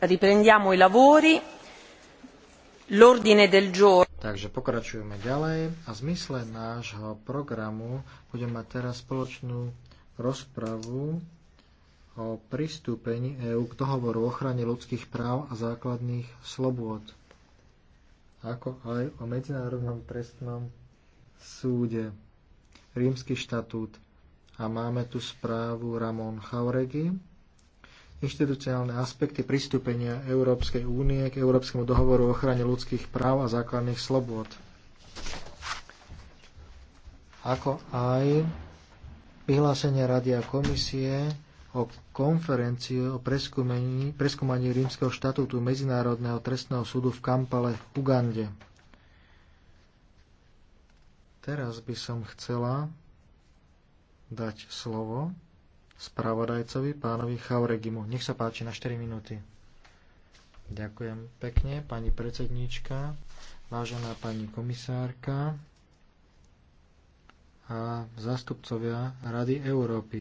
Riprendiamo i lavori. L'ordine del giorno. Takže pokračujeme ďalej a v zmysle nášho programu budeme mať teraz spoločnú rozpravu o pristúpení EÚ k dohovoru o ochrane ľudských práv a základných slobôd, ako aj o Medzinárodnom trestnom súde, Rímsky štatút. A máme tu správu Ramon Chauregi inštitucionálne aspekty pristúpenia Európskej únie k Európskemu dohovoru o ochrane ľudských práv a základných slobôd. Ako aj vyhlásenie Rady a komisie o konferenciu o preskúmaní, preskúmaní rímskeho štatútu Medzinárodného trestného súdu v Kampale v Ugande. Teraz by som chcela dať slovo spravodajcovi, pánovi Chauregimu. Nech sa páči na 4 minúty. Ďakujem pekne, pani predsedníčka, vážená pani komisárka a zastupcovia Rady Európy.